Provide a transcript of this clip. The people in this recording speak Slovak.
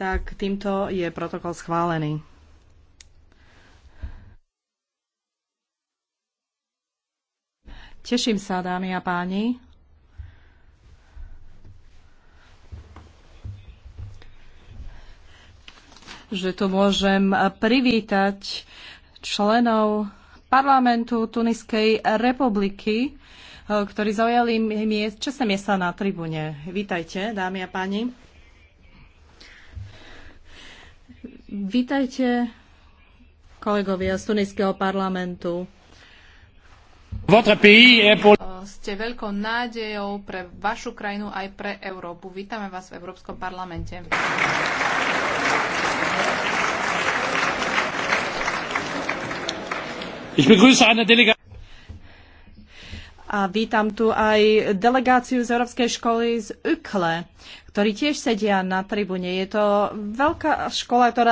tak týmto je protokol schválený. Teším sa, dámy a páni. že tu môžem privítať členov parlamentu Tuniskej republiky, eh, ktorí zaujali miest, čestné miesta na tribúne. Vítajte, dámy a páni. Vítajte, kolegovia z Tunijského parlamentu. Ste veľkou nádejou pre vašu krajinu aj pre Európu. Vítame vás v Európskom parlamente. A vítam tu aj delegáciu z Európskej školy z UKLE, ktorí tiež sedia na tribúne. Je to veľká škola, ktorá